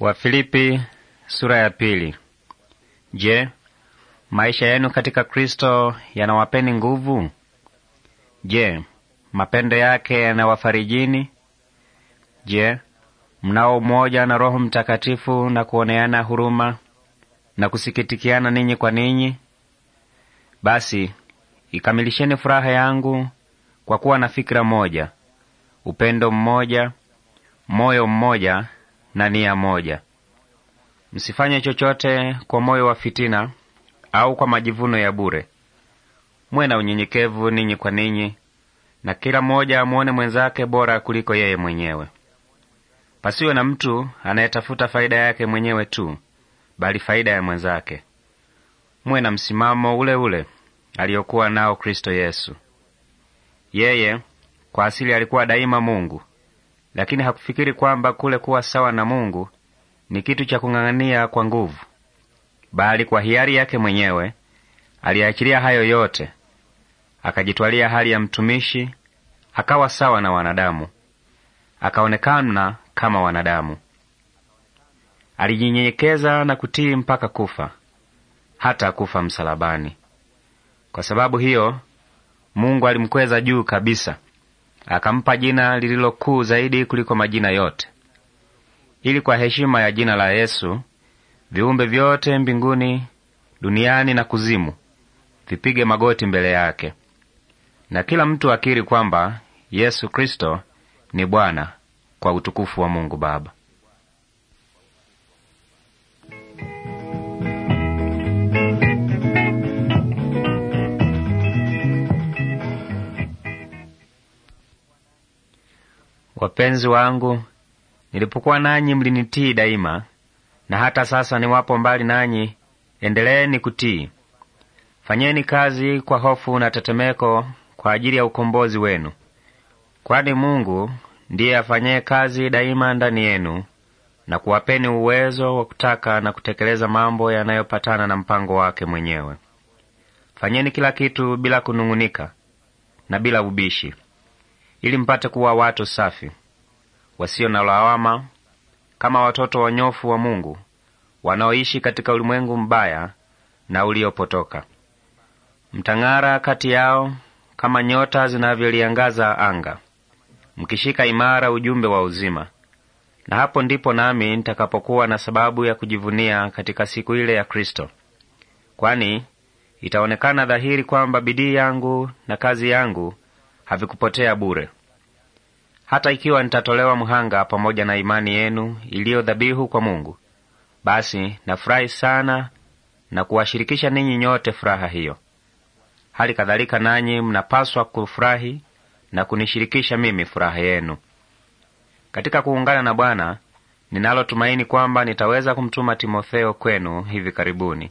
Wafilipi sura ya pili. Je, maisha yenu katika Kristo yanawapeni nguvu? Je, mapendo yake yanawafarijini? Je, mnao umoja na Roho Mtakatifu na kuoneana huruma na kusikitikiana ninyi kwa ninyi? Basi ikamilisheni furaha yangu kwa kuwa na fikira moja, upendo mmoja, moyo mmoja na nia moja. Msifanye chochote kwa moyo wa fitina au kwa majivuno ya bure. Mwe na unyenyekevu ninyi kwa ninyi, na kila mmoja amwone mwenzake bora kuliko yeye mwenyewe. Pasiwe na mtu anayetafuta faida yake mwenyewe tu, bali faida ya mwenzake. Mwe na msimamo ule ule aliyokuwa nao Kristo Yesu. Yeye kwa asili alikuwa daima Mungu, lakini hakufikiri kwamba kule kuwa sawa na Mungu ni kitu cha kung'ang'ania kwa nguvu, bali kwa hiari yake mwenyewe aliachilia hayo yote, akajitwalia hali ya mtumishi, akawa sawa na wanadamu, akaonekana kama wanadamu. Alijinyenyekeza na kutii mpaka kufa, hata kufa msalabani. Kwa sababu hiyo Mungu alimkweza juu kabisa akampa jina lililokuu zaidi kuliko majina yote, ili kwa heshima ya jina la Yesu viumbe vyote mbinguni, duniani na kuzimu vipige magoti mbele yake, na kila mtu akiri kwamba Yesu Kristo ni Bwana, kwa utukufu wa Mungu Baba. Wapenzi wangu, nilipokuwa nanyi mlinitii daima, na hata sasa niwapo mbali nanyi, endeleeni kutii. Fanyeni kazi kwa hofu na tetemeko kwa ajili ya ukombozi wenu, kwani Mungu ndiye afanyaye kazi daima ndani yenu na kuwapeni uwezo wa kutaka na kutekeleza mambo yanayopatana na mpango wake mwenyewe. Fanyeni kila kitu bila kunung'unika na bila ubishi, ili mpate kuwa watu safi wasio na lawama, kama watoto wanyofu wa Mungu wanaoishi katika ulimwengu mbaya na uliopotoka. Mtang'ara kati yao kama nyota zinavyoliangaza anga, mkishika imara ujumbe wa uzima. Na hapo ndipo nami nitakapokuwa na sababu ya kujivunia katika siku ile ya Kristo, kwani itaonekana dhahiri kwamba bidii yangu na kazi yangu havikupotea bure. Hata ikiwa nitatolewa mhanga pamoja na imani yenu iliyo dhabihu kwa Mungu, basi nafurahi sana na kuwashirikisha ninyi nyote furaha hiyo. Hali kadhalika nanyi mnapaswa kufurahi na kunishirikisha mimi furaha yenu. Katika kuungana na Bwana ninalotumaini kwamba nitaweza kumtuma Timotheo kwenu hivi karibuni,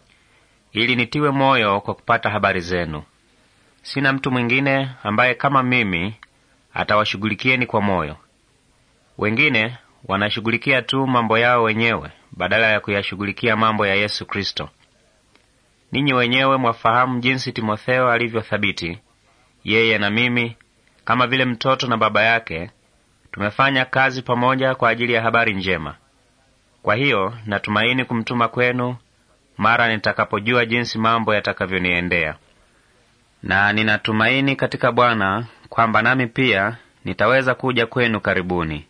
ili nitiwe moyo kwa kupata habari zenu. Sina mtu mwingine ambaye kama mimi atawashughulikieni kwa moyo. Wengine wanashughulikia tu mambo yao wenyewe badala ya kuyashughulikia mambo ya Yesu Kristo. Ninyi wenyewe mwafahamu jinsi Timotheo alivyothabiti, yeye na mimi, kama vile mtoto na baba yake, tumefanya kazi pamoja kwa ajili ya habari njema. Kwa hiyo natumaini kumtuma kwenu mara nitakapojua jinsi mambo yatakavyoniendea na ninatumaini katika Bwana kwamba nami pia nitaweza kuja kwenu karibuni.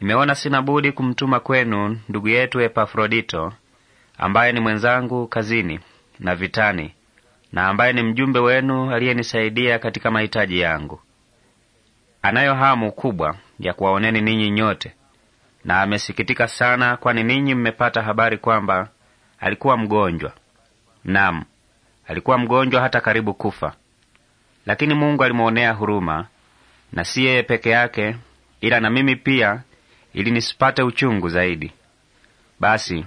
Nimeona sina budi kumtuma kwenu ndugu yetu Epafrodito, ambaye ni mwenzangu kazini na vitani, na ambaye ni mjumbe wenu aliyenisaidia katika mahitaji yangu. Anayo hamu kubwa ya kuwaoneni ninyi nyote, na amesikitika sana, kwani ninyi mmepata habari kwamba alikuwa mgonjwa. Naam, Alikuwa mgonjwa hata karibu kufa, lakini Mungu alimwonea huruma, na si yeye peke yake, ila na mimi pia, ili nisipate uchungu zaidi. Basi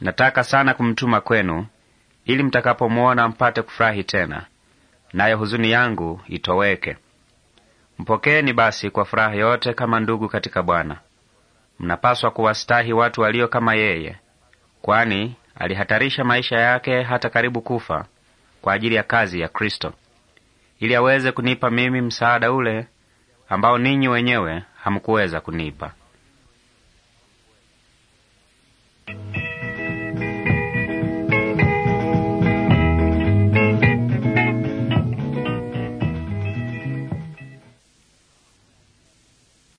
nataka sana kumtuma kwenu, ili mtakapomwona mpate kufurahi tena, nayo huzuni yangu itoweke. Mpokeeni basi kwa furaha yote kama ndugu katika Bwana. Mnapaswa kuwastahi watu walio kama yeye, kwani alihatarisha maisha yake hata karibu kufa kwa ajili ya kazi ya Kristo, ili aweze kunipa mimi msaada ule ambao ninyi wenyewe hamkuweza kunipa.